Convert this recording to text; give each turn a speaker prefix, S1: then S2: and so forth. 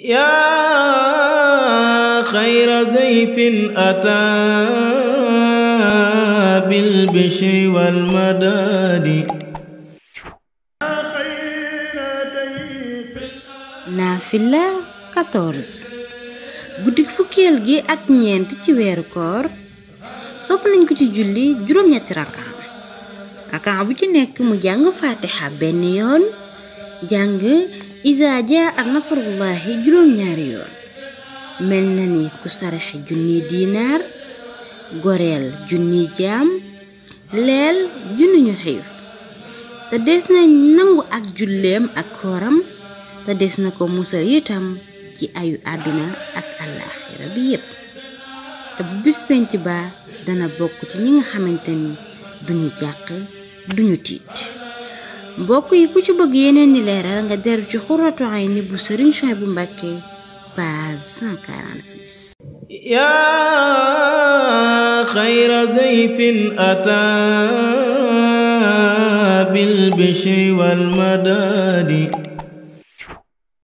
S1: yaa xayra dayfin ataa bil bishri wal madaadi
S2: ak ñeent ci weeru koor nañ ko ci julli juróom bu ci nekk mu jàng faatiha benn yoon jàng isa jaa ak nasrullahi juróom-ñaari yoon mel na ni ku saraxe junni diinaar goreel junni jaam leel junni ñu xiif te des na nangu ak julleem ak kooram te des na ko musal itam ci ayu àdduna ak àllaaxira bi yépp te bu bis ba dana bokk ci ñi nga xamante ni duñu jàq duñu tiit mbokk yi ku ci bëgg yeneen ni leeral nga dellu ci xurratu ayni bu Serigne Souhaïbou Mbacké page 146
S1: yaa xayra dayfin ataa bil bishri wal madadi